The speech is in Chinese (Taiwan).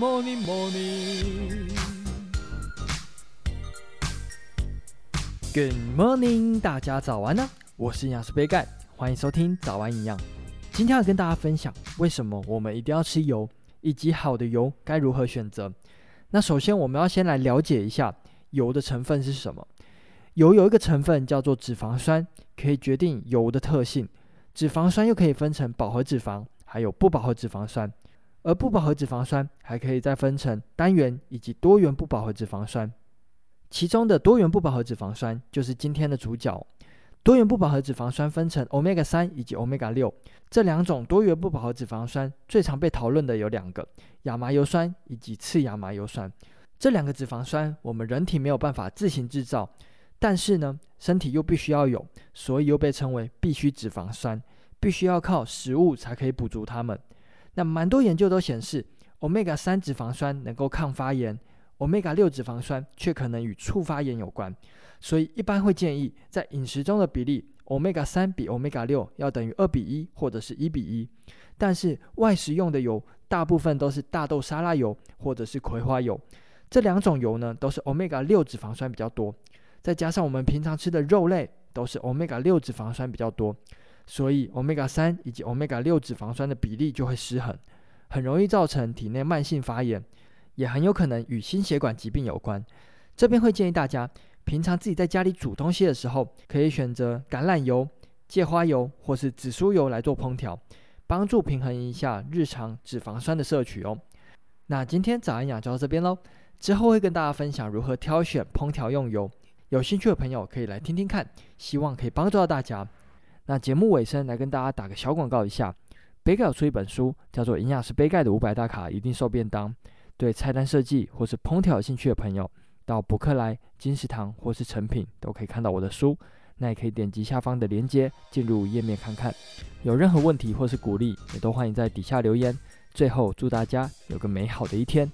Morning, morning. Good morning, 大家早安呢、啊！我是營養師杯蓋，歡迎收聽早安營養。今天要跟大家分享為什麼我們一定要吃油，以及好的油該如何選擇。那首先，我們要先來了解一下油的成分是什麼。油有一個成分叫做脂肪酸，可以決定油的特性。脂肪酸又可以分成飽和脂肪，還有不飽和脂肪酸。而不飽和脂肪酸還可以再分成單元以及多元不飽和脂肪酸，其中的多元不飽和脂肪酸就是今天的主角。多元不飽和脂肪酸分成歐米伽三以及歐米伽六，這兩種多元不飽和脂肪酸最常被討論的有兩個：亞麻油酸以及次亞麻油酸。這兩個脂肪酸我們人體沒有辦法自行製造，但是呢，身體又必須要有，所以又被稱為必需脂肪酸，必須要靠食物才可以補足它們。那蠻多研究都顯示，Omega 三脂肪酸能夠抗發炎，Omega 六脂肪酸卻可能與促發炎有關，所以一般會建議在飲食中的比例，Omega 三比 Omega 六要等於二比一或者是一比一。但是外食用的油大部分都是大豆沙拉油或者是葵花油，這兩種油呢都是 Omega 六脂肪酸比較多，再加上我們平常吃的肉類都是 Omega 六脂肪酸比較多。所以，Omega 3以及 Omega 6脂肪酸的比例就會失衡，很容易造成體內慢性發炎，也很有可能與心血管疾病有關。這邊會建議大家，平常自己在家裡煮東西的時候，可以選擇橄欖油、芥花油或是紫蘇油來做烹調，幫助平衡一下日常脂肪酸的攝取哦。那今天早安養就到這邊嘍，之後會跟大家分享如何挑選烹調用油，有興趣的朋友可以來聽聽看，希望可以幫助到大家。那節目尾聲，來跟大家打個小廣告一下，杯蓋有出一本書，叫做《營養師杯蓋的五百大卡一定瘦便當》，對菜單設計或是烹調有興趣的朋友，到博客來、金石堂或是誠品都可以看到我的書。那也可以點擊下方的鏈接進入頁面看看。有任何問題或是鼓勵，也都歡迎在底下留言。最後，祝大家有個美好的一天。